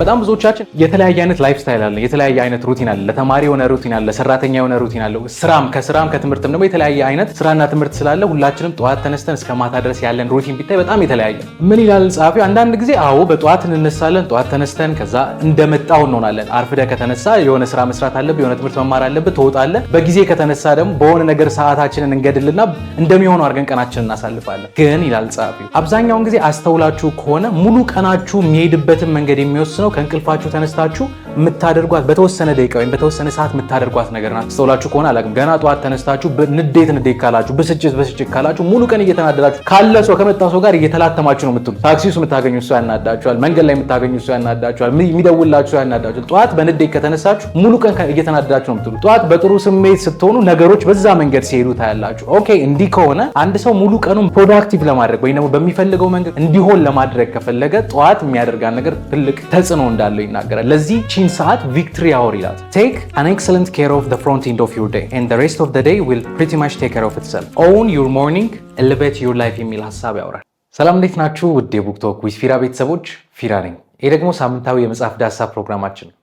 በጣም ብዙዎቻችን የተለያየ አይነት ላይፍ ስታይል አለ፣ የተለያየ አይነት ሩቲን አለ። ለተማሪ የሆነ ሩቲን አለ፣ ሰራተኛ የሆነ ሩቲን አለ። ስራም ከስራም ከትምህርትም ደግሞ የተለያየ አይነት ስራና ትምህርት ስላለ ሁላችንም ጠዋት ተነስተን እስከ ማታ ድረስ ያለን ሩቲን ቢታይ በጣም የተለያየ ምን ይላል ጸሐፊው? አንዳንድ ጊዜ አዎ በጠዋት እንነሳለን። ጠዋት ተነስተን ከዛ እንደመጣው እንሆናለን። አርፍደ ከተነሳ የሆነ ስራ መስራት አለብህ፣ የሆነ ትምህርት መማር አለብህ፣ ትወጣለህ። በጊዜ ከተነሳ ደግሞ በሆነ ነገር ሰዓታችንን እንገድልና እንደሚሆነው አድርገን ቀናችንን እናሳልፋለን። ግን ይላል ጸሐፊው አብዛኛውን ጊዜ አስተውላችሁ ከሆነ ሙሉ ቀናችሁ የሚሄድበትን መንገድ የሚወስነው ነው ከእንቅልፋችሁ ተነስታችሁ የምታደርጓት በተወሰነ ደቂቃ ወይም በተወሰነ ሰዓት የምታደርጓት ነገር ናት። ስተውላችሁ ከሆነ አላውቅም። ገና ጠዋት ተነስታችሁ ንዴት ንዴት ካላችሁ፣ ብስጭት ብስጭት ካላችሁ፣ ሙሉ ቀን እየተናደዳችሁ ካለ ሰው ከመጣ ሰው ጋር እየተላተማችሁ ነው የምትሉ። ታክሲ ውስጥ የምታገኙ ሰው ያናዳችኋል፣ መንገድ ላይ የምታገኙ ሰው ያናዳችኋል፣ የሚደውላችሁ ሰው ያናዳችኋል። ጠዋት በንዴት ከተነሳችሁ ሙሉ ቀን እየተናደዳችሁ ነው የምትሉ። ጠዋት በጥሩ ስሜት ስትሆኑ ነገሮች በዛ መንገድ ሲሄዱ ታያላችሁ። ኦኬ እንዲህ ከሆነ አንድ ሰው ሙሉ ቀኑን ፕሮዳክቲቭ ለማድረግ ወይም ደግሞ በሚፈልገው መንገድ እንዲሆን ለማድረግ ከፈለገ ጠዋት የሚያደርጋን ነገር ትልቅ ተጽዕኖ ተጽዕኖ እንዳለው ይናገራል። ለዚህ ቺን ሰዓት ቪክትሪ አወር ይላት። ቴክ አን ኤክሰለንት ኬር ኦፍ ፍሮንት ኤንድ ኦፍ ዩር ዴይ ኤንድ ሬስት ኦፍ ዴይ ዊል ፕሪቲ ማች ቴክ ኬር ኦፍ ኢትሰልፍ ኦውን ዩር ሞርኒንግ ኤሌቬት ዩር ላይፍ የሚል ሀሳብ ያወራል። ሰላም እንዴት ናችሁ? ውድ የቡክቶክ ዊዝ ፊራ ቤተሰቦች ፊራ ነኝ። ይህ ደግሞ ሳምንታዊ የመጽሐፍ ዳሰሳ ፕሮግራማችን ነው።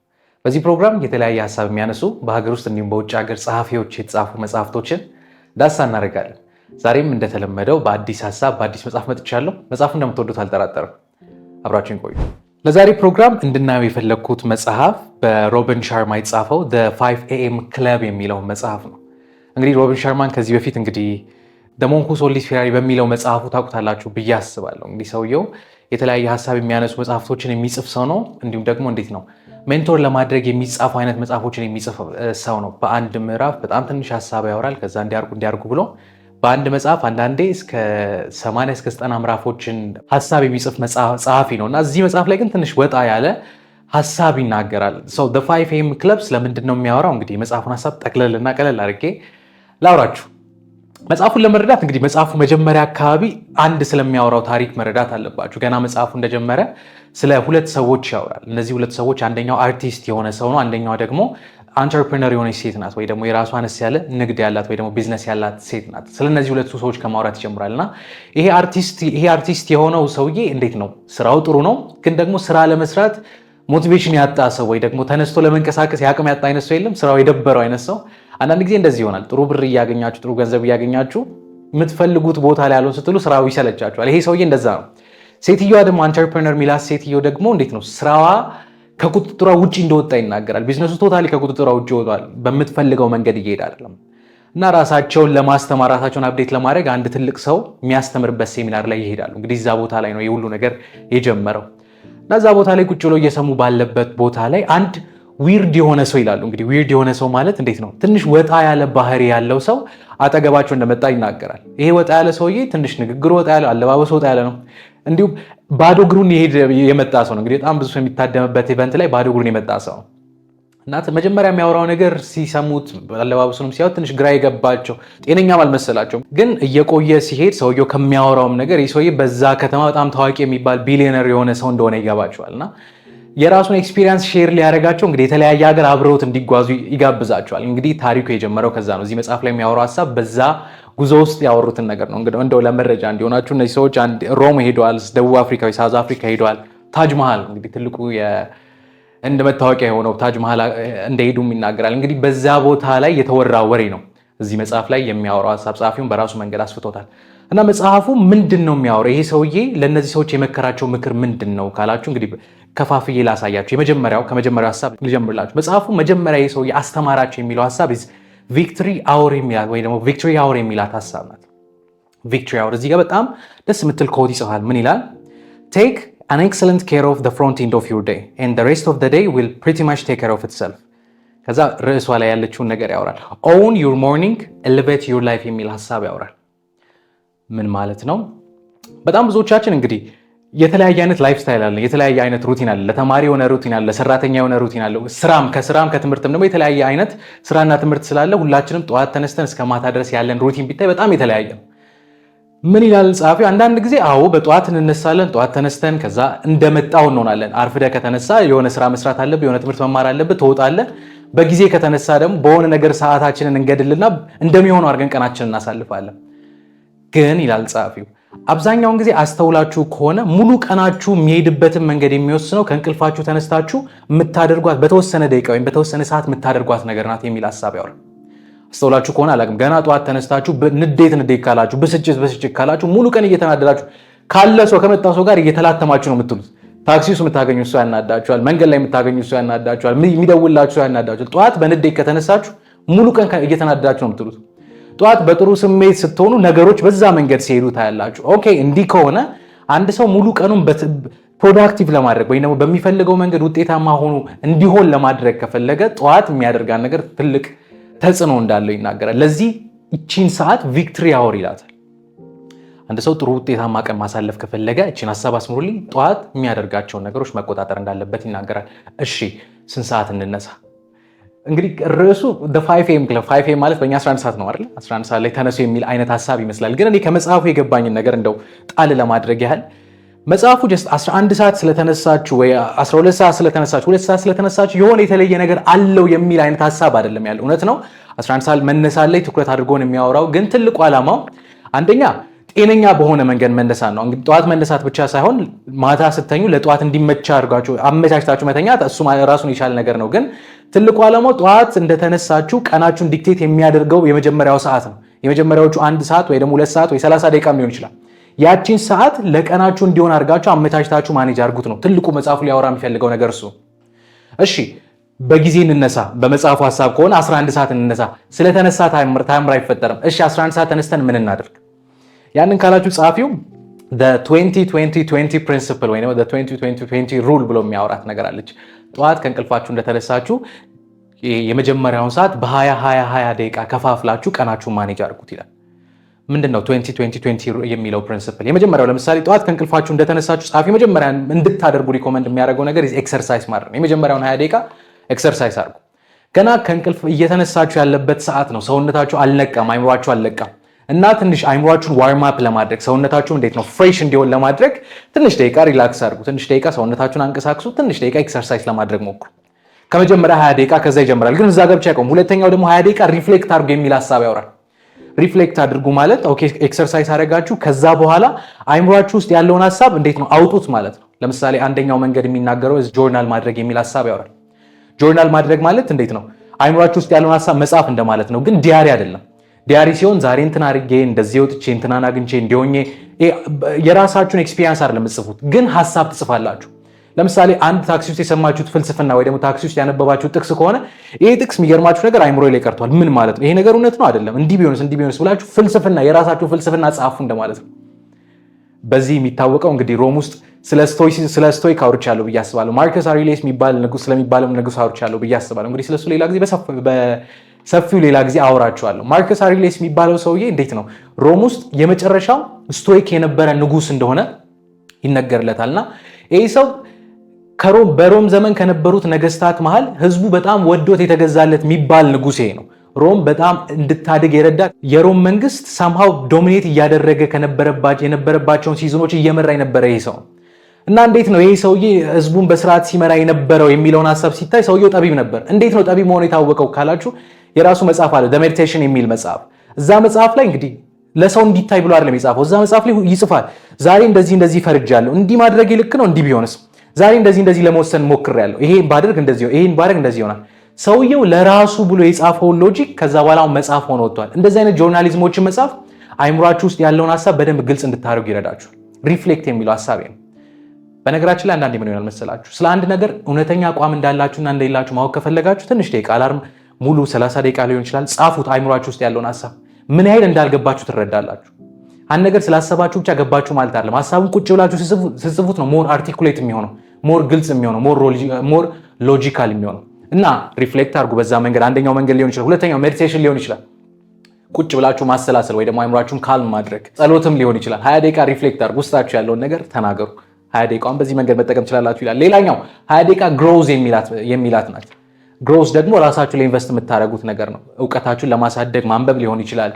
በዚህ ፕሮግራም የተለያየ ሀሳብ የሚያነሱ በሀገር ውስጥ እንዲሁም በውጭ ሀገር ጸሐፊዎች የተጻፉ መጽሐፍቶችን ዳሰሳ እናደርጋለን። ዛሬም እንደተለመደው በአዲስ ሀሳብ በአዲስ መጽሐፍ መጥቻለሁ። መጽሐፉ እንደምትወዱት አልጠራጠርም። አብራችን ቆዩ። ለዛሬ ፕሮግራም እንድናየው የፈለግኩት መጽሐፍ በሮቢን ሻርማ የተጻፈው ደ ፋይቭ ኤኤም ክለብ የሚለው መጽሐፍ ነው። እንግዲህ ሮቢን ሻርማን ከዚህ በፊት እንግዲህ ደሞንኩ ሶሊስ ፌራሪ በሚለው መጽሐፉ ታውቁታላችሁ ብዬ አስባለሁ። እንግዲህ ሰውየው የተለያየ ሀሳብ የሚያነሱ መጽሐፍቶችን የሚጽፍ ሰው ነው። እንዲሁም ደግሞ እንዴት ነው ሜንቶር ለማድረግ የሚጻፉ አይነት መጽሐፎችን የሚጽፍ ሰው ነው። በአንድ ምዕራፍ በጣም ትንሽ ሀሳብ ያወራል። ከዛ እንዲያርጉ እንዲያርጉ ብሎ በአንድ መጽሐፍ አንዳንዴ እስከ 80 እስከ 90 ምዕራፎችን ሀሳብ የሚጽፍ ጸሐፊ ነው እና እዚህ መጽሐፍ ላይ ግን ትንሽ ወጣ ያለ ሀሳብ ይናገራል። ሰው ደ ፋይቭ ኤም ክለብ ስለምንድን ነው የሚያወራው? እንግዲህ የመጽሐፉን ሀሳብ ጠቅለልና ቀለል አድርጌ ላውራችሁ። መጽሐፉን ለመረዳት እንግዲህ መጽሐፉ መጀመሪያ አካባቢ አንድ ስለሚያወራው ታሪክ መረዳት አለባችሁ። ገና መጽሐፉ እንደጀመረ ስለ ሁለት ሰዎች ያወራል። እነዚህ ሁለት ሰዎች አንደኛው አርቲስት የሆነ ሰው ነው፣ አንደኛው ደግሞ አንተርፕረነር የሆነች ሴት ናት ወይ ደግሞ የራሷ አነስ ያለ ንግድ ያላት ወይ ደግሞ ቢዝነስ ያላት ሴት ናት። ስለነዚህ ሁለቱ ሰዎች ከማውራት ይጀምራል እና ይሄ አርቲስት የሆነው ሰውዬ እንዴት ነው ስራው ጥሩ ነው፣ ግን ደግሞ ስራ ለመስራት ሞቲቬሽን ያጣ ሰው ወይ ደግሞ ተነስቶ ለመንቀሳቀስ የአቅም ያጣ አይነት ሰው የለም፣ ስራው የደበረው አይነት ሰው። አንዳንድ ጊዜ እንደዚህ ይሆናል። ጥሩ ብር እያገኛችሁ ጥሩ ገንዘብ እያገኛችሁ የምትፈልጉት ቦታ ላይ ያለውን ስትሉ ስራው ይሰለቻችኋል። ይሄ ሰውዬ እንደዛ ነው። ሴትዮዋ ደግሞ አንተርፕረነር ሚላት ሴትዮ ደግሞ እንዴት ነው ስራዋ ከቁጥጥሯ ውጭ እንደወጣ ይናገራል። ቢዝነሱ ቶታሊ ከቁጥጥሯ ውጭ ይወጣል። በምትፈልገው መንገድ እየሄድ አይደለም እና ራሳቸውን ለማስተማር ራሳቸውን አፕዴት ለማድረግ አንድ ትልቅ ሰው የሚያስተምርበት ሴሚናር ላይ ይሄዳሉ። እንግዲህ እዛ ቦታ ላይ ነው የሁሉ ነገር የጀመረው እና እዛ ቦታ ላይ ቁጭ ብሎ እየሰሙ ባለበት ቦታ ላይ አንድ ዊርድ የሆነ ሰው ይላሉ። እንግዲህ ዊርድ የሆነ ሰው ማለት እንዴት ነው? ትንሽ ወጣ ያለ ባህሪ ያለው ሰው አጠገባቸው እንደመጣ ይናገራል። ይሄ ወጣ ያለ ሰውዬ ትንሽ ንግግሩ ወጣ ያለ፣ አለባበሱ ወጣ ያለ ነው። እንዲሁም ባዶ እግሩን ይሄድ የመጣ ሰው ነው እንግዲህ በጣም ብዙ ሰው የሚታደምበት ኢቨንት ላይ ባዶ እግሩን የመጣ ሰው እናት መጀመሪያ የሚያወራው ነገር ሲሰሙት አለባበሱንም ሲያዩት ትንሽ ግራ የገባቸው ጤነኛም አልመሰላቸውም። ግን እየቆየ ሲሄድ ሰውየው ከሚያወራውም ነገር ይህ ሰውዬ በዛ ከተማ በጣም ታዋቂ የሚባል ቢሊዮነር የሆነ ሰው እንደሆነ ይገባቸዋል እና የራሱን ኤክስፒሪያንስ ሼር ሊያደርጋቸው እንግዲህ የተለያየ ሀገር አብረውት እንዲጓዙ ይጋብዛቸዋል። እንግዲህ ታሪኩ የጀመረው ከዛ ነው። እዚህ መጽሐፍ ላይ የሚያወራው ሀሳብ በዛ ጉዞ ውስጥ ያወሩትን ነገር ነው። እንግዲህ እንደው ለመረጃ እንዲሆናችሁ እነዚህ ሰዎች ሮም ሄደዋል፣ ደቡብ አፍሪካ ወይ ሳውዝ አፍሪካ ሄደዋል። ታጅ መሃል እንግዲህ ትልቁ እንደ መታወቂያ የሆነው ታጅ መሃል እንደሄዱም ይናገራል። እንግዲህ በዛ ቦታ ላይ የተወራ ወሬ ነው እዚህ መጽሐፍ ላይ የሚያወራው ሀሳብ ጸሐፊውን በራሱ መንገድ አስፍቶታል። እና መጽሐፉ ምንድን ነው የሚያወራው? ይሄ ሰውዬ ለእነዚህ ሰዎች የመከራቸው ምክር ምንድን ነው ካላችሁ እንግዲህ ከፋፍዬ ላሳያችሁ። የመጀመሪያው ከመጀመሪያው ሀሳብ ልጀምርላችሁ። መጽሐፉ መጀመሪያ ሰውዬ አስተማራቸው የሚለው ሀሳብ ቪክትሪ አወር ወይ ደግሞ ቪክትሪ አወር የሚላት ሀሳብ ናት። ቪክትሪ አወር እዚህ ጋር በጣም ደስ የምትል ኮት ይጽፋል። ምን ይላል? ቴክ አን ኤክሰለንት ኬር ኦፍ ፍሮንት ኢንድ ኦፍ ዩር ዴይ ኤንድ ሬስት ኦፍ ዘ ዴይ ዊል ፕሪቲ ማች ቴክ ኬር ኦፍ ኢትሰልፍ። ከዛ ርዕሷ ላይ ያለችውን ነገር ያወራል። ኦውን ዩር ሞርኒንግ ኤሌቬት ዩር ላይፍ የሚል ሀሳብ ያወራል። ምን ማለት ነው? በጣም ብዙዎቻችን እንግዲህ የተለያየ አይነት ላይፍ ስታይል አለ፣ የተለያየ አይነት ሩቲን አለ። ለተማሪ የሆነ ሩቲን አለ፣ ሰራተኛ የሆነ ሩቲን አለ። ስራም ከስራም ከትምህርትም ደግሞ የተለያየ አይነት ስራና ትምህርት ስላለ ሁላችንም ጠዋት ተነስተን እስከ ማታ ድረስ ያለን ሩቲን ቢታይ በጣም የተለያየ ነው። ምን ይላል ጸሐፊው? አንዳንድ ጊዜ አዎ በጠዋት እንነሳለን። ጠዋት ተነስተን ከዛ እንደመጣው እንሆናለን። አርፍደ ከተነሳ የሆነ ስራ መስራት አለብህ፣ የሆነ ትምህርት መማር አለብህ፣ ትወጣለህ። በጊዜ ከተነሳ ደግሞ በሆነ ነገር ሰዓታችንን እንገድልና እንደሚሆነው አድርገን ቀናችንን እናሳልፋለን። ግን ይላል ጸሐፊው አብዛኛውን ጊዜ አስተውላችሁ ከሆነ ሙሉ ቀናችሁ የሚሄድበትን መንገድ የሚወስነው ከእንቅልፋችሁ ተነስታችሁ የምታደርጓት በተወሰነ ደቂቃ ወይም በተወሰነ ሰዓት የምታደርጓት ነገር ናት የሚል ሀሳብ ያወራል። አስተውላችሁ ከሆነ አላውቅም፣ ገና ጠዋት ተነስታችሁ ንዴት ንዴት ካላችሁ፣ ብስጭት ብስጭት ካላችሁ፣ ሙሉ ቀን እየተናደዳችሁ ካለ ሰው ከመጣ ሰው ጋር እየተላተማችሁ ነው የምትሉት። ታክሲ ውስጥ የምታገኙ ሰው ያናዳችኋል፣ መንገድ ላይ የምታገኙ ሰው ያናዳችኋል፣ የሚደውላችሁ ሰው ያናዳችኋል። ጠዋት በንዴት ከተነሳችሁ ሙሉ ቀን እየተናደዳችሁ ነው የምትሉት። ጠዋት በጥሩ ስሜት ስትሆኑ ነገሮች በዛ መንገድ ሲሄዱ ታያላችሁ። ኦኬ እንዲህ ከሆነ አንድ ሰው ሙሉ ቀኑን ፕሮዳክቲቭ ለማድረግ ወይም ደግሞ በሚፈልገው መንገድ ውጤታማ ሆኖ እንዲሆን ለማድረግ ከፈለገ ጠዋት የሚያደርጋን ነገር ትልቅ ተጽዕኖ እንዳለው ይናገራል። ለዚህ እቺን ሰዓት ቪክትሪ አወር ይላታል። አንድ ሰው ጥሩ ውጤታማ ቀን ማሳለፍ ከፈለገ እችን ሀሳብ አስምሩልኝ፣ ጠዋት የሚያደርጋቸውን ነገሮች መቆጣጠር እንዳለበት ይናገራል። እሺ ስንት ሰዓት እንነሳ? እንግዲህ ርዕሱ ፋይቭ ኤም ክለብ ፋይቭ ኤም ማለት በእኛ 11 ሰዓት ነው አይደል? 11 ሰዓት ላይ ተነሱ የሚል አይነት ሀሳብ ይመስላል። ግን እኔ ከመጽሐፉ የገባኝን ነገር እንደው ጣል ለማድረግ ያህል መጽሐፉ ጀስት 11 ሰዓት ስለተነሳችሁ ወይ 12 ሰዓት ስለተነሳችሁ፣ ሁለት ሰዓት ስለተነሳችሁ የሆነ የተለየ ነገር አለው የሚል አይነት ሀሳብ አይደለም ያለው። እውነት ነው 11 ሰዓት መነሳት ላይ ትኩረት አድርጎን የሚያወራው ግን ትልቁ ዓላማው አንደኛ ጤነኛ በሆነ መንገድ መነሳት ነው። እንግዲህ ጠዋት መነሳት ብቻ ሳይሆን ማታ ስተኙ ለጠዋት እንዲመቻ አድርጋችሁ አመቻችታችሁ መተኛት እሱ ራሱን የቻለ ነገር ነው። ግን ትልቁ ዓላማው ጠዋት እንደተነሳችሁ ቀናችሁን ዲክቴት የሚያደርገው የመጀመሪያው ሰዓት ነው። የመጀመሪያዎቹ አንድ ሰዓት ወይ ደግሞ ሁለት ሰዓት ወይ ሰላሳ ደቂቃ ሊሆን ይችላል። ያቺን ሰዓት ለቀናችሁ እንዲሆን አድርጋችሁ አመቻችታችሁ ማኔጅ አድርጉት ነው ትልቁ መጽሐፉ ሊያወራ የሚፈልገው ነገር እሱ። እሺ በጊዜ እንነሳ። በመጽሐፉ ሀሳብ ከሆነ 11 ሰዓት እንነሳ። ስለተነሳ ታይምር አይፈጠርም። እሺ 11 ሰዓት ተነስተን ምን እናደርግ? ያንን ካላችሁ ጸሐፊው ፕሪንስፕል ወይ ሩል ብሎ የሚያወራት ነገር አለች። ጠዋት ከእንቅልፋችሁ እንደተነሳችሁ የመጀመሪያውን ሰዓት በ20 20 20 ደቂቃ ከፋፍላችሁ ቀናችሁ ማኔጅ አድርጉት ይላል። ምንድን ነው 2020 የሚለው ፕሪንስፕል? የመጀመሪያው ለምሳሌ ጠዋት ከእንቅልፋችሁ እንደተነሳችሁ ጸሐፊ መጀመሪያ እንድታደርጉ ሪኮመንድ የሚያደርገው ነገር ኤክሰርሳይዝ ማድረግ ነው። የመጀመሪያውን 20 ደቂቃ ኤክሰርሳይዝ አድርጉ። ገና ከእንቅልፍ እየተነሳችሁ ያለበት ሰዓት ነው። ሰውነታችሁ አልነቃም፣ አይምሯችሁ አልነቃም። እና ትንሽ አይምሯችሁን ዋርም አፕ ለማድረግ ሰውነታችሁ እንዴት ነው ፍሬሽ እንዲሆን ለማድረግ ትንሽ ደቂቃ ሪላክስ አድርጉ። ትንሽ ደቂቃ ሰውነታችሁን አንቀሳቅሱ። ትንሽ ደቂቃ ኤክሰርሳይዝ ለማድረግ ሞክሩ። ከመጀመሪያ ሀያ ደቂቃ ከዛ ይጀምራል፣ ግን እዛ ገብቻ አይቆም። ሁለተኛው ደግሞ ሀያ ደቂቃ ሪፍሌክት አድርጉ የሚል ሀሳብ ያወራል። ሪፍሌክት አድርጉ ማለት ኦኬ፣ ኤክሰርሳይዝ አደረጋችሁ። ከዛ በኋላ አይምሯችሁ ውስጥ ያለውን ሀሳብ እንዴት ነው አውጡት ማለት ነው። ለምሳሌ አንደኛው መንገድ የሚናገረው ጆርናል ማድረግ የሚል ሀሳብ ያወራል። ጆርናል ማድረግ ማለት እንዴት ነው አይምሯችሁ ውስጥ ያለውን ሀሳብ መጻፍ እንደማለት ነው፣ ግን ዲያሪ አይደለም። ዲያሪ ሲሆን ዛሬ እንትን አድርጌ እንደዚህ ወጥቼ እንትናን አግኝቼ እንዲሆኜ የራሳችሁን ኤክስፒሪንስ አይደለም የምትጽፉት፣ ግን ሀሳብ ትጽፋላችሁ። ለምሳሌ አንድ ታክሲ ውስጥ የሰማችሁት ፍልስፍና ወይ ደግሞ ታክሲ ውስጥ ያነበባችሁት ጥቅስ ከሆነ ይሄ ጥቅስ የሚገርማችሁ ነገር አይምሮ ላይ ቀርቷል። ምን ማለት ነው? ይሄ ነገር እውነት ነው አይደለም? እንዲህ ቢሆንስ እንዲህ ቢሆንስ ብላችሁ ፍልስፍና የራሳችሁ ፍልስፍና ጻፉ እንደማለት ነው። በዚህ የሚታወቀው እንግዲህ ሮም ውስጥ ስለ ስቶይክ አውርቻለሁ ብዬ አስባለሁ። ማርከስ አሪሌስ የሚባል ንጉስ ስለሚባለው ንጉስ አውርቻለሁ ብዬ አስባለሁ። እንግዲህ ስለሱ ሌላ ጊዜ ሰፊው ሌላ ጊዜ አወራችኋለሁ። ማርከስ አሪሌስ የሚባለው ሰውዬ እንዴት ነው ሮም ውስጥ የመጨረሻው ስቶይክ የነበረ ንጉስ እንደሆነ ይነገርለታል ይህ ሰው ከሮም በሮም ዘመን ከነበሩት ነገስታት መሃል ህዝቡ በጣም ወዶት የተገዛለት የሚባል ንጉሴ ነው። ሮም በጣም እንድታድግ የረዳ የሮም መንግስት ሳምሃው ዶሚኔት እያደረገ የነበረባቸውን ሲዝኖች እየመራ የነበረ ይህ ሰው እና እንዴት ነው ይህ ሰውዬ ህዝቡን በስርዓት ሲመራ የነበረው የሚለውን ሀሳብ ሲታይ ሰውየው ጠቢብ ነበር። እንዴት ነው ጠቢብ መሆኑ የታወቀው ካላችሁ የራሱ መጽሐፍ አለ ሜዲቴሽን የሚል መጽሐፍ። እዛ መጽሐፍ ላይ እንግዲህ ለሰው እንዲታይ ብሎ አይደለም የጻፈው። እዛ መጽሐፍ ላይ ይጽፋል። ዛሬ እንደዚህ እንደዚህ ፈርጃለሁ፣ እንዲህ ማድረግ ልክ ነው፣ እንዲህ ቢሆንስ፣ ዛሬ እንደዚህ እንደዚህ ለመወሰን ሞክሬያለሁ፣ ይሄን ባደርግ እንደዚህ ነው፣ ይሄን ባደርግ እንደዚህ ይሆናል። ሰውየው ለራሱ ብሎ የጻፈውን ሎጂክ ከዛ በኋላ መጽሐፍ ሆኖ ወጥቷል። እንደዚህ አይነት ጆርናሊዝሞችን መጽሐፍ አይምሯችሁ ውስጥ ያለውን ሀሳብ በደንብ ግልጽ እንድታደርጉ ይረዳችሁ። ሪፍሌክት የሚለው ሀሳብ ነው። በነገራችን ላይ አንዳንድ ምን ይሆናል መሰላችሁ ስለ አንድ ነገር እውነተኛ አቋም እንዳላችሁና እንደሌላችሁ ማወቅ ከፈለጋችሁ ትንሽ ደቂቃ አላርም ሙሉ 30 ደቂቃ ሊሆን ይችላል። ጻፉት። አይምሯችሁ ውስጥ ያለውን ሀሳብ ምን ያህል እንዳልገባችሁ ትረዳላችሁ። አንድ ነገር ስላሰባችሁ ብቻ ገባችሁ ማለት አይደለም። ሀሳቡን ቁጭ ብላችሁ ስጽፉት ነው ሞር አርቲኩሌት የሚሆነው ሞር ግልጽ የሚሆነው ሞር ሎጂካል የሚሆነው እና ሪፍሌክት አድርጉ በዛ መንገድ። አንደኛው መንገድ ሊሆን ይችላል። ሁለተኛው ሜዲቴሽን ሊሆን ይችላል። ቁጭ ብላችሁ ማሰላሰል ወይ ደግሞ አይምሯችሁን ካልም ማድረግ፣ ጸሎትም ሊሆን ይችላል። ሀያ ደቂቃ ሪፍሌክት አድርጉ። ውስጣችሁ ያለውን ነገር ተናገሩ። ሀያ ደቂቃውን በዚህ መንገድ መጠቀም ትችላላችሁ ይላል። ሌላኛው ሀያ ደቂቃ ግሮዝ የሚላት ናት። ግሮስ ደግሞ ራሳችሁ ለኢንቨስት የምታደረጉት ነገር ነው። እውቀታችሁን ለማሳደግ ማንበብ ሊሆን ይችላል።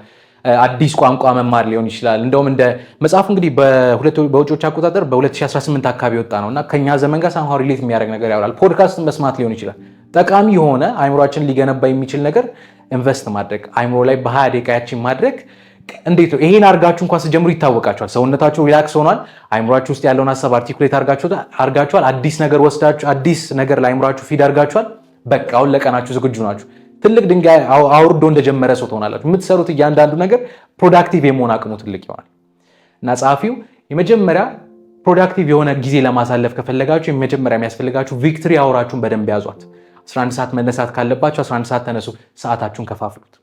አዲስ ቋንቋ መማር ሊሆን ይችላል። እንደውም እንደ መጽሐፉ እንግዲህ በውጮች አቆጣጠር በ2018 አካባቢ የወጣ ነው እና ከኛ ዘመን ጋር ሳምሃ ሪሌት የሚያደርግ ነገር ያውላል። ፖድካስትን መስማት ሊሆን ይችላል። ጠቃሚ የሆነ አይምሮችን ሊገነባ የሚችል ነገር ኢንቨስት ማድረግ አይምሮ ላይ በሀያ ደቂቃያችን ማድረግ እንዴት ነው ይሄን አርጋችሁ እንኳን ስጀምሩ ይታወቃችኋል። ሰውነታችሁ ሪላክስ ሆኗል። አይምሯችሁ ውስጥ ያለውን ሀሳብ አርቲኩሌት አርጋችኋል። አዲስ ነገር ወስዳችሁ አዲስ ነገር ለአይምሯችሁ ፊድ አርጋችኋል። በቃ አሁን ለቀናችሁ ዝግጁ ናችሁ። ትልቅ ድንጋይ አውርዶ እንደጀመረ ሰው ትሆናላችሁ። የምትሰሩት እያንዳንዱ ነገር ፕሮዳክቲቭ የመሆን አቅሙ ትልቅ ይሆናል እና ጸሐፊው የመጀመሪያ ፕሮዳክቲቭ የሆነ ጊዜ ለማሳለፍ ከፈለጋችሁ የመጀመሪያ የሚያስፈልጋችሁ ቪክትሪ አውራችሁን በደንብ ያዟት። 11 ሰዓት መነሳት ካለባችሁ 11 ሰዓት ተነሱ። ሰዓታችሁን ከፋፍሉት።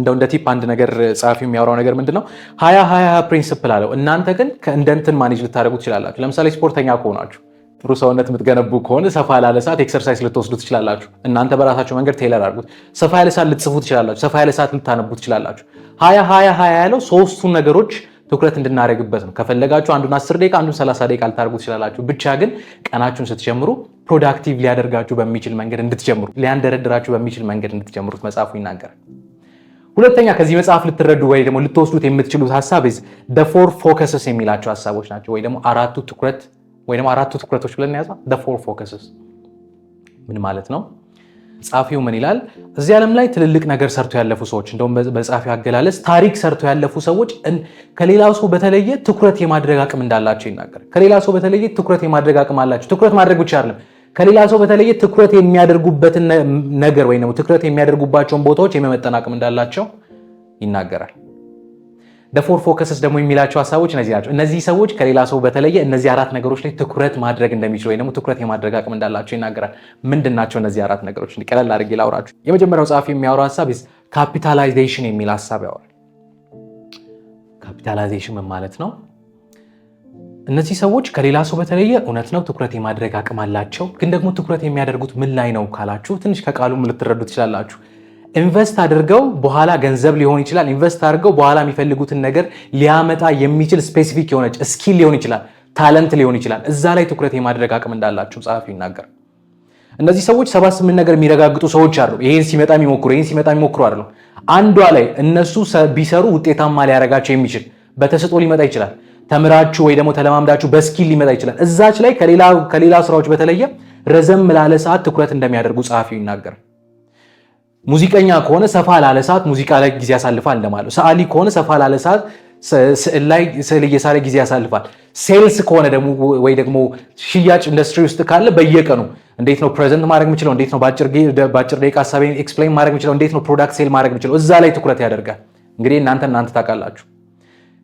እንደው እንደ ቲፕ አንድ ነገር ጸሐፊ የሚያወራው ነገር ምንድን ነው? ሀያ ሀያ ፕሪንስፕል አለው። እናንተ ግን ከእንደ ማኔጅ ልታደርጉ ትችላላችሁ። ለምሳሌ ስፖርተኛ ከሆናችሁ ጥሩ ሰውነት የምትገነቡ ከሆነ ሰፋ ላለ ሰዓት ኤክሰርሳይዝ ልትወስዱ ትችላላችሁ። እናንተ በራሳችሁ መንገድ ቴይለር አድርጉት። ሰፋ ያለ ሰዓት ልትጽፉ ትችላላችሁ። ሰፋ ያለ ሰዓት ልታነቡ ትችላላችሁ። ሀያ ሀያ ሀያ ያለው ሶስቱን ነገሮች ትኩረት እንድናደርግበት ነው። ከፈለጋችሁ አንዱን አስር ደቂቃ አንዱን ሰላሳ ደቂቃ ልታደርጉ ትችላላችሁ። ብቻ ግን ቀናችሁን ስትጀምሩ ፕሮዳክቲቭ ሊያደርጋችሁ በሚችል መንገድ እንድትጀምሩ፣ ሊያንደረድራችሁ በሚችል መንገድ እንድትጀምሩት መጽሐፉ ይናገራል። ሁለተኛ ከዚህ መጽሐፍ ልትረዱ ወይ ደግሞ ልትወስዱት የምትችሉት ሀሳብ ፎር ፎከስስ የሚላቸው ሀሳቦች ናቸው ወይ ደግሞ አራቱ ትኩረት ወይም አራቱ ትኩረቶች ብለን ያዛ ፎር ፎከስስ ምን ማለት ነው? ጸሐፊው ምን ይላል? እዚህ ዓለም ላይ ትልልቅ ነገር ሰርቶ ያለፉ ሰዎች እንደውም በጸሐፊው አገላለጽ ታሪክ ሰርቶ ያለፉ ሰዎች ከሌላ ሰው በተለየ ትኩረት የማድረግ አቅም እንዳላቸው ይናገራል። ከሌላ ሰው በተለየ ትኩረት የማድረግ አቅም አላቸው። ትኩረት ማድረግ ብቻ አይደለም ከሌላ ሰው በተለየ ትኩረት የሚያደርጉበትን ነገር ወይም ትኩረት የሚያደርጉባቸውን ቦታዎች የመመጠን አቅም እንዳላቸው ይናገራል። ለፎር ፎከስስ ደግሞ የሚላቸው ሀሳቦች እነዚህ ናቸው። እነዚህ ሰዎች ከሌላ ሰው በተለየ እነዚህ አራት ነገሮች ላይ ትኩረት ማድረግ እንደሚችሉ ወይ ደግሞ ትኩረት የማድረግ አቅም እንዳላቸው ይናገራል። ምንድን ናቸው እነዚህ አራት ነገሮች? ቀለል አድርጌ ላውራችሁ። የመጀመሪያው ጸሐፊ የሚያወራው ሀሳብ ካፒታላይዜሽን የሚል ሀሳብ ያወራል። ካፒታላይዜሽን ምን ማለት ነው? እነዚህ ሰዎች ከሌላ ሰው በተለየ እውነት ነው ትኩረት የማድረግ አቅም አላቸው። ግን ደግሞ ትኩረት የሚያደርጉት ምን ላይ ነው ካላችሁ ትንሽ ከቃሉም ልትረዱ ትችላላችሁ። ኢንቨስት አድርገው በኋላ ገንዘብ ሊሆን ይችላል። ኢንቨስት አድርገው በኋላ የሚፈልጉትን ነገር ሊያመጣ የሚችል ስፔሲፊክ የሆነች ስኪል ሊሆን ይችላል፣ ታለንት ሊሆን ይችላል። እዛ ላይ ትኩረት የማድረግ አቅም እንዳላቸው ጸሐፊው ይናገር። እነዚህ ሰዎች ሰባ ስምንት ነገር የሚረጋግጡ ሰዎች አሉ። ይህን ሲመጣ የሚሞክሩ ይህን ሲመጣ የሚሞክሩ አሉ። አንዷ ላይ እነሱ ቢሰሩ ውጤታማ ሊያደርጋቸው የሚችል በተሰጦ ሊመጣ ይችላል። ተምራችሁ ወይ ደግሞ ተለማምዳችሁ በስኪል ሊመጣ ይችላል። እዛች ላይ ከሌላ ስራዎች በተለየ ረዘም ላለ ሰዓት ትኩረት እንደሚያደርጉ ጸሐፊው ይናገር። ሙዚቀኛ ከሆነ ሰፋ ላለ ሰዓት ሙዚቃ ላይ ጊዜ ያሳልፋል እንደማለት ሰዓሊ ከሆነ ሰፋ ላለ ሰዓት ስዕል ላይ ስዕል እየሳለ ጊዜ ያሳልፋል። ሴልስ ከሆነ ደግሞ ወይ ደግሞ ሽያጭ ኢንዱስትሪ ውስጥ ካለ በየቀኑ እንዴት ነው ፕሬዘንት ማድረግ የምችለው፣ እንዴት ነው በአጭር ደቂቃ ሀሳቤን ኤክስፕሌን ማድረግ የምችለው፣ እንዴት ነው ፕሮዳክት ሴል ማድረግ የምችለው፣ እዛ ላይ ትኩረት ያደርጋል። እንግዲህ እናንተ እናንተ ታውቃላችሁ።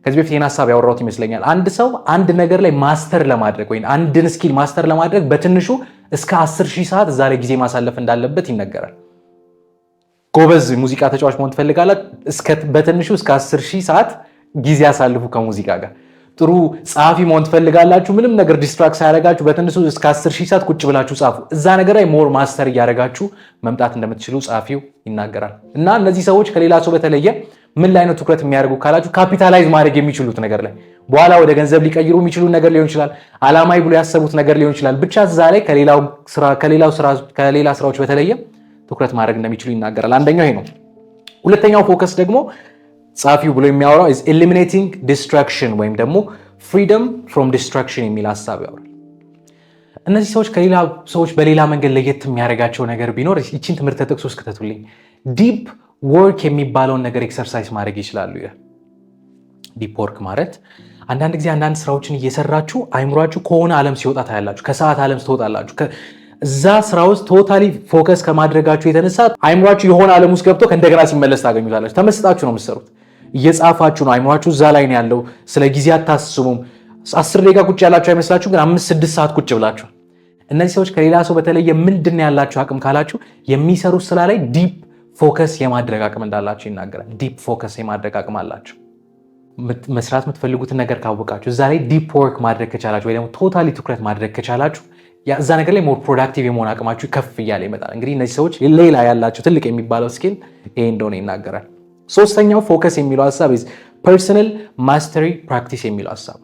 ከዚህ በፊት ይህን ሀሳብ ያወራሁት ይመስለኛል። አንድ ሰው አንድ ነገር ላይ ማስተር ለማድረግ ወይ አንድን ስኪል ማስተር ለማድረግ በትንሹ እስከ አስር ሺህ ሰዓት እዛ ላይ ጊዜ ማሳለፍ እንዳለበት ይነገራል። ጎበዝ ሙዚቃ ተጫዋች መሆን ትፈልጋላችሁ፣ በትንሹ እስከ 10 ሺህ ሰዓት ጊዜ አሳልፉ ከሙዚቃ ጋር። ጥሩ ጸሐፊ መሆን ትፈልጋላችሁ፣ ምንም ነገር ዲስትራክት ሳያደርጋችሁ በትንሹ እስከ 10 ሺህ ሰዓት ቁጭ ብላችሁ ጻፉ። እዛ ነገር ላይ ሞር ማስተር እያደረጋችሁ መምጣት እንደምትችሉ ጸሐፊው ይናገራል። እና እነዚህ ሰዎች ከሌላ ሰው በተለየ ምን ላይ ነው ትኩረት የሚያደርጉ ካላችሁ፣ ካፒታላይዝ ማድረግ የሚችሉት ነገር ላይ በኋላ ወደ ገንዘብ ሊቀይሩ የሚችሉ ነገር ሊሆን ይችላል። አላማዊ ብሎ ያሰቡት ነገር ሊሆን ይችላል። ብቻ እዛ ላይ ከሌላ ስራዎች በተለየ ትኩረት ማድረግ እንደሚችሉ ይናገራል። አንደኛው ይሄ ነው። ሁለተኛው ፎከስ ደግሞ ጸሐፊው ብሎ የሚያወራው ኤሊሚኔቲንግ ዲስትራክሽን ወይም ደግሞ ፍሪደም ፍሮም ዲስትራክሽን የሚል ሀሳብ ያወራል። እነዚህ ሰዎች ከሌላ ሰዎች በሌላ መንገድ ለየት የሚያደርጋቸው ነገር ቢኖር ይችን ትምህርት ጥቅስ ውስጥ ክተቱልኝ፣ ዲፕ ወርክ የሚባለውን ነገር ኤክሰርሳይዝ ማድረግ ይችላሉ ይላል። ዲፕ ወርክ ማለት አንዳንድ ጊዜ አንዳንድ ስራዎችን እየሰራችሁ አይምሯችሁ ከሆነ ዓለም ሲወጣ ታያላችሁ። ከሰዓት ዓለም ትወጣላችሁ። እዛ ስራ ውስጥ ቶታሊ ፎከስ ከማድረጋችሁ የተነሳ አይምሯችሁ የሆነ ዓለም ውስጥ ገብቶ ከእንደገና ሲመለስ ታገኙታላችሁ። ተመስጣችሁ ነው የምትሰሩት። እየጻፋችሁ ነው። አይምሯችሁ እዛ ላይ ነው ያለው። ስለ ጊዜ አታስቡም። አስር ደቂቃ ቁጭ ያላችሁ አይመስላችሁ፣ ግን አምስት ስድስት ሰዓት ቁጭ ብላችሁ። እነዚህ ሰዎች ከሌላ ሰው በተለየ ምንድን ያላችሁ አቅም ካላችሁ የሚሰሩት ስራ ላይ ዲፕ ፎከስ የማድረግ አቅም እንዳላችሁ ይናገራል። ዲፕ ፎከስ የማድረግ አቅም አላችሁ። መስራት የምትፈልጉትን ነገር ካወቃችሁ፣ እዛ ላይ ዲፕ ወርክ ማድረግ ከቻላችሁ ወይ ደግሞ ቶታሊ ትኩረት ማድረግ ከቻላችሁ እዛ ነገር ላይ ሞር ፕሮዳክቲቭ የመሆን አቅማችሁ ከፍ እያለ ይመጣል። እንግዲህ እነዚህ ሰዎች ሌላ ያላቸው ትልቅ የሚባለው ስኪል ይሄ እንደሆነ ይናገራል። ሶስተኛው ፎከስ የሚለው ሀሳብ ፐርሰናል ማስተሪ ፕራክቲስ የሚለው ሀሳብ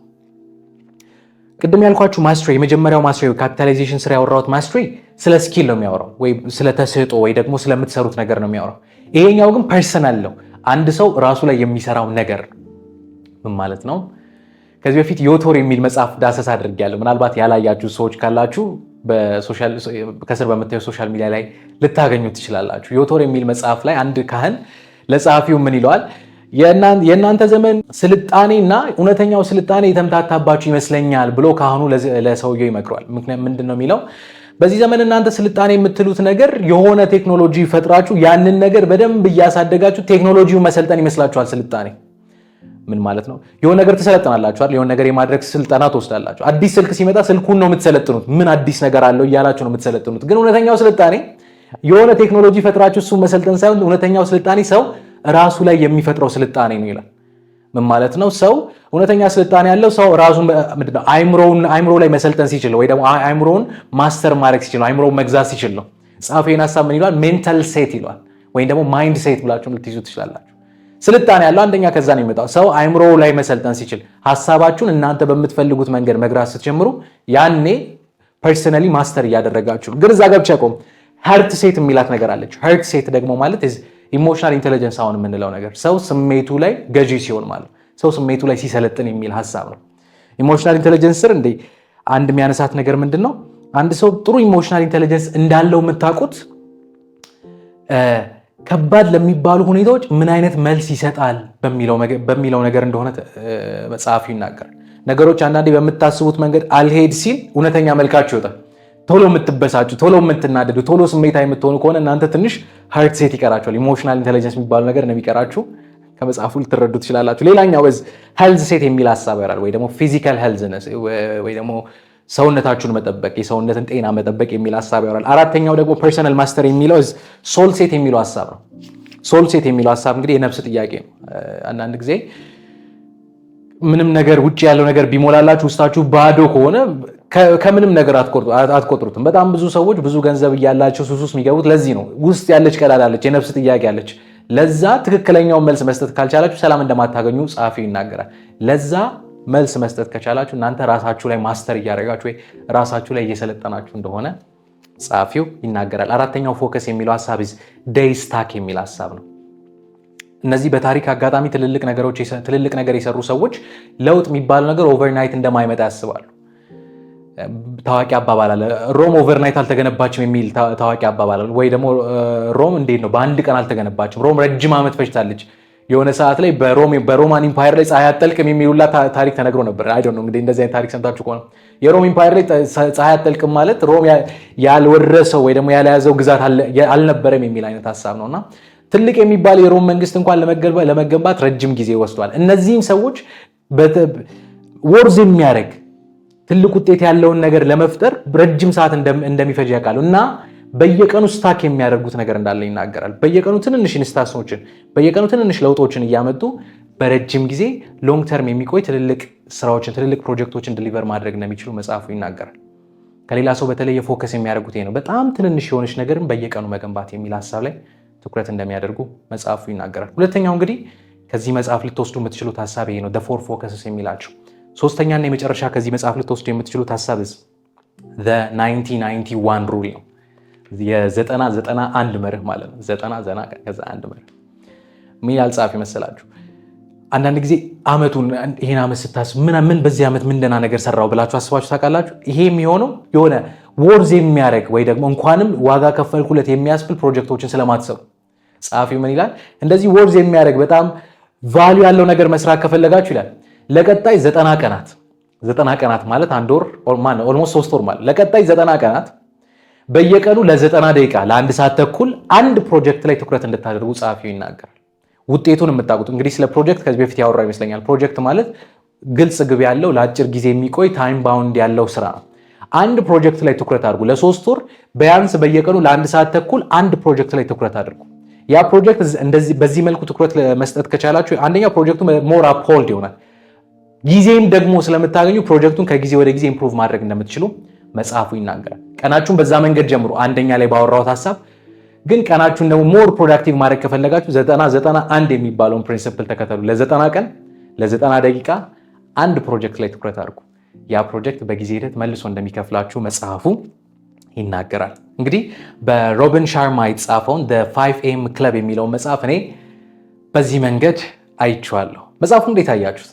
ቅድም ያልኳችሁ ማስትሪ የመጀመሪያው ማስትሪ ካፒታላይዜሽን ስራ ያወራሁት ማስትሪ ስለ ስኪል ነው የሚያወራው ወይ ስለ ተሰጦ ወይ ደግሞ ስለምትሰሩት ነገር ነው የሚያወራው። ይሄኛው ግን ፐርሰናል ነው፣ አንድ ሰው ራሱ ላይ የሚሰራው ነገር ምን ማለት ነው? ከዚህ በፊት ዮቶር የሚል መጽሐፍ ዳሰሳ አድርጌያለሁ። ምናልባት ያላያችሁ ሰዎች ካላችሁ ከስር በምታዩ ሶሻል ሚዲያ ላይ ልታገኙ ትችላላችሁ። ዮቶር የሚል መጽሐፍ ላይ አንድ ካህን ለጸሐፊው ምን ይለዋል? የእናንተ ዘመን ስልጣኔ እና እውነተኛው ስልጣኔ የተምታታባችሁ ይመስለኛል ብሎ ካህኑ ለሰውየው ይመክረዋል። ምንድን ነው የሚለው? በዚህ ዘመን እናንተ ስልጣኔ የምትሉት ነገር የሆነ ቴክኖሎጂ ፈጥራችሁ ያንን ነገር በደንብ እያሳደጋችሁ ቴክኖሎጂው መሰልጠን ይመስላችኋል ስልጣኔ ምን ማለት ነው? የሆነ ነገር ትሰለጥናላችኋል። የሆነ ነገር የማድረግ ስልጠና ትወስዳላችሁ። አዲስ ስልክ ሲመጣ ስልኩን ነው የምትሰለጥኑት። ምን አዲስ ነገር አለው እያላችሁ ነው የምትሰለጥኑት። ግን እውነተኛው ስልጣኔ የሆነ ቴክኖሎጂ ፈጥራችሁ እሱን መሰልጠን ሳይሆን እውነተኛው ስልጣኔ ሰው ራሱ ላይ የሚፈጥረው ስልጣኔ ነው ይላል። ምን ማለት ነው? ሰው እውነተኛ ስልጣኔ ያለው ሰው ራሱ ምንድነው አይምሮውን አይምሮ ላይ መሰልጠን ሲችል ወይ ደግሞ አይምሮውን ማስተር ማድረግ ሲችል አይምሮውን መግዛት ሲችል ነው። ጻፈ ሀሳብ ምን ይሏል? ሜንታል ሴት ይሏል፣ ወይም ደግሞ ማይንድ ሴት ብላችሁ ልትይዙ ትችላላችሁ። ስልጣኔ ያለው አንደኛ ከዛ ነው የሚመጣው። ሰው አይምሮ ላይ መሰልጠን ሲችል ሀሳባችሁን እናንተ በምትፈልጉት መንገድ መግራት ስትጀምሩ ያኔ ፐርሰናሊ ማስተር እያደረጋችሁ ግን እዛ ገብቼ ሄርት ሴት የሚላት ነገር አለች። ሄርት ሴት ደግሞ ማለት ኢሞሽናል ኢንቴሊጀንስ አሁን የምንለው ነገር ሰው ስሜቱ ላይ ገዢ ሲሆን ማለት ሰው ስሜቱ ላይ ሲሰለጥን የሚል ሀሳብ ነው። ኢሞሽናል ኢንቴሊጀንስ ስር እንደ አንድ የሚያነሳት ነገር ምንድን ነው? አንድ ሰው ጥሩ ኢሞሽናል ኢንቴሊጀንስ እንዳለው የምታውቁት ከባድ ለሚባሉ ሁኔታዎች ምን አይነት መልስ ይሰጣል በሚለው ነገር እንደሆነ ጸሐፊው ይናገራል። ነገሮች አንዳንዴ በምታስቡት መንገድ አልሄድ ሲል እውነተኛ መልካችሁ ይወጣል። ቶሎ የምትበሳጩ፣ ቶሎ የምትናደዱ፣ ቶሎ ስሜታ የምትሆኑ ከሆነ እናንተ ትንሽ ሀርት ሴት ይቀራችኋል። ኢሞሽናል ኢንቴሊጀንስ የሚባሉ ነገር ነው የሚቀራችሁ። ከመጽሐፉ ልትረዱ ትችላላችሁ። ሌላኛው ሄልዝ ሴት የሚል ሀሳብ ያራል ወይ ደግሞ ፊዚካል ሄልዝነስ ወይ ደግሞ ሰውነታችሁን መጠበቅ የሰውነትን ጤና መጠበቅ የሚል ሀሳብ ያወራል። አራተኛው ደግሞ ፐርሰናል ማስተር የሚለው ሶል ሴት የሚለው ሀሳብ ነው። ሶል ሴት የሚለው ሀሳብ እንግዲህ የነፍስ ጥያቄ ነው። አንዳንድ ጊዜ ምንም ነገር ውጭ ያለው ነገር ቢሞላላችሁ ውስጣችሁ ባዶ ከሆነ ከምንም ነገር አትቆጥሩትም። በጣም ብዙ ሰዎች ብዙ ገንዘብ እያላቸው ሱስ ውስጥ የሚገቡት ለዚህ ነው። ውስጥ ያለች ቀዳዳ የነፍስ ጥያቄ አለች። ለዛ ትክክለኛውን መልስ መስጠት ካልቻላችሁ ሰላም እንደማታገኙ ጸሐፊው ይናገራል። ለዛ መልስ መስጠት ከቻላችሁ እናንተ ራሳችሁ ላይ ማስተር እያደረጋችሁ ወይ ራሳችሁ ላይ እየሰለጠናችሁ እንደሆነ ጸሐፊው ይናገራል። አራተኛው ፎከስ የሚለው ሀሳብ ዴይ ስታክ የሚል ሀሳብ ነው። እነዚህ በታሪክ አጋጣሚ ትልልቅ ነገር የሰሩ ሰዎች ለውጥ የሚባለው ነገር ኦቨርናይት እንደማይመጣ ያስባሉ። ታዋቂ አባባል አለ። ሮም ኦቨርናይት አልተገነባችም የሚል ታዋቂ አባባል አለ። ወይ ደግሞ ሮም እንዴት ነው በአንድ ቀን አልተገነባችም፣ ሮም ረጅም ዓመት ፈጅታለች የሆነ ሰዓት ላይ በሮማን ኢምፓየር ላይ ፀሐይ አጠልቅም የሚሉላ ታሪክ ተነግሮ ነበር። አይ ነው እንግዲህ እንደዚህ ታሪክ ሰምታችሁ ከሆነ የሮም ኢምፓየር ላይ ፀሐይ አጠልቅም ማለት ሮም ያልወረሰው ወይ ደግሞ ያልያዘው ግዛት አልነበረም የሚል አይነት ሀሳብ ነው እና ትልቅ የሚባል የሮም መንግስት እንኳን ለመገንባት ረጅም ጊዜ ወስዷል። እነዚህም ሰዎች ወርዝ የሚያደርግ ትልቅ ውጤት ያለውን ነገር ለመፍጠር ረጅም ሰዓት እንደሚፈጅ ያውቃሉ እና በየቀኑ ስታክ የሚያደርጉት ነገር እንዳለ ይናገራል። በየቀኑ ትንንሽ ኢንስታንሶችን፣ በየቀኑ ትንንሽ ለውጦችን እያመጡ በረጅም ጊዜ ሎንግ ተርም የሚቆይ ትልልቅ ስራዎችን ትልልቅ ፕሮጀክቶችን ዲሊቨር ማድረግ እንደሚችሉ መጽሐፉ ይናገራል። ከሌላ ሰው በተለየ ፎከስ የሚያደርጉት ይሄ ነው። በጣም ትንንሽ የሆነች ነገርን በየቀኑ መገንባት የሚል ሀሳብ ላይ ትኩረት እንደሚያደርጉ መጽሐፉ ይናገራል። ሁለተኛው እንግዲህ ከዚህ መጽሐፍ ልትወስዱ የምትችሉት ሀሳብ ይሄ ነው፣ ፎር ፎከስስ የሚላቸው ሶስተኛና የመጨረሻ ከዚህ መጽሐፍ ልትወስዱ የምትችሉት ሀሳብ ዘ 1991 ሩል ነው። የዘጠና ዘጠና አንድ መርህ ማለት ነው። ዘጠና ዘና ከዛ አንድ መርህ ምን ይላል ጸሐፊ መሰላችሁ? አንዳንድ ጊዜ አመቱን ይሄን አመት ስታስ ምን በዚህ ዓመት ምን ደህና ነገር ሰራው ብላችሁ አስባችሁ ታውቃላችሁ? ይሄ የሚሆነው የሆነ ወርዝ የሚያደርግ ወይ ደግሞ እንኳንም ዋጋ ከፈልኩለት የሚያስብል ፕሮጀክቶችን ስለማትሰሩ ጸሐፊ ምን ይላል? እንደዚህ ወርዝ የሚያደርግ በጣም ቫሊዩ ያለው ነገር መስራት ከፈለጋችሁ ይላል ለቀጣይ ዘጠና ቀናት ዘጠና ቀናት ማለት አንድ ወር ኦልሞስት ሶስት ወር ማለት ለቀጣይ ዘጠና ቀናት በየቀኑ ለዘጠና ደቂቃ ለአንድ ሰዓት ተኩል አንድ ፕሮጀክት ላይ ትኩረት እንድታደርጉ ጸሐፊው ይናገራል። ውጤቱን የምታውቁት እንግዲህ ስለ ፕሮጀክት ከዚህ በፊት ያወራ ይመስለኛል። ፕሮጀክት ማለት ግልጽ ግብ ያለው ለአጭር ጊዜ የሚቆይ ታይም ባውንድ ያለው ስራ ነው። አንድ ፕሮጀክት ላይ ትኩረት አድርጉ። ለሶስት ወር ቢያንስ በየቀኑ ለአንድ ሰዓት ተኩል አንድ ፕሮጀክት ላይ ትኩረት አድርጉ። ያ ፕሮጀክት በዚህ መልኩ ትኩረት መስጠት ከቻላችሁ አንደኛው ፕሮጀክቱ ሞር አፕሆልድ ይሆናል። ጊዜም ደግሞ ስለምታገኙ ፕሮጀክቱን ከጊዜ ወደ ጊዜ ኢምፕሩቭ ማድረግ እንደምትችሉ መጽሐፉ ይናገራል። ቀናችሁን በዛ መንገድ ጀምሮ አንደኛ ላይ ባወራሁት ሀሳብ ግን ቀናችሁን ደግሞ ሞር ፕሮዳክቲቭ ማድረግ ከፈለጋችሁ ዘጠና ዘጠና አንድ የሚባለውን ፕሪንስፕል ተከተሉ። ለዘጠና ቀን ለዘጠና ደቂቃ አንድ ፕሮጀክት ላይ ትኩረት አድርጉ። ያ ፕሮጀክት በጊዜ ሂደት መልሶ እንደሚከፍላችሁ መጽሐፉ ይናገራል። እንግዲህ በሮቢን ሻርማ የተጻፈውን ፋይቭ ኤም ክለብ የሚለውን መጽሐፍ እኔ በዚህ መንገድ አይቼዋለሁ። መጽሐፉ እንዴት አያችሁት?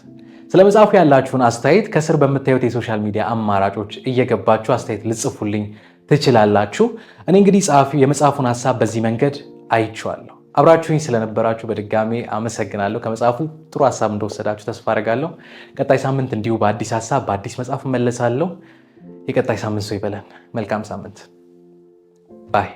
ስለ መጽሐፉ ያላችሁን አስተያየት ከስር በምታዩት የሶሻል ሚዲያ አማራጮች እየገባችሁ አስተያየት ልጽፉልኝ ትችላላችሁ። እኔ እንግዲህ ጸሐፊው የመጽሐፉን ሀሳብ በዚህ መንገድ አይቼዋለሁ። አብራችሁኝ ስለነበራችሁ በድጋሜ አመሰግናለሁ። ከመጽሐፉ ጥሩ ሀሳብ እንደወሰዳችሁ ተስፋ አደርጋለሁ። ቀጣይ ሳምንት እንዲሁ በአዲስ ሀሳብ በአዲስ መጽሐፍ እመለሳለሁ። የቀጣይ ሳምንት ሰው ይበለን። መልካም ሳምንት ባይ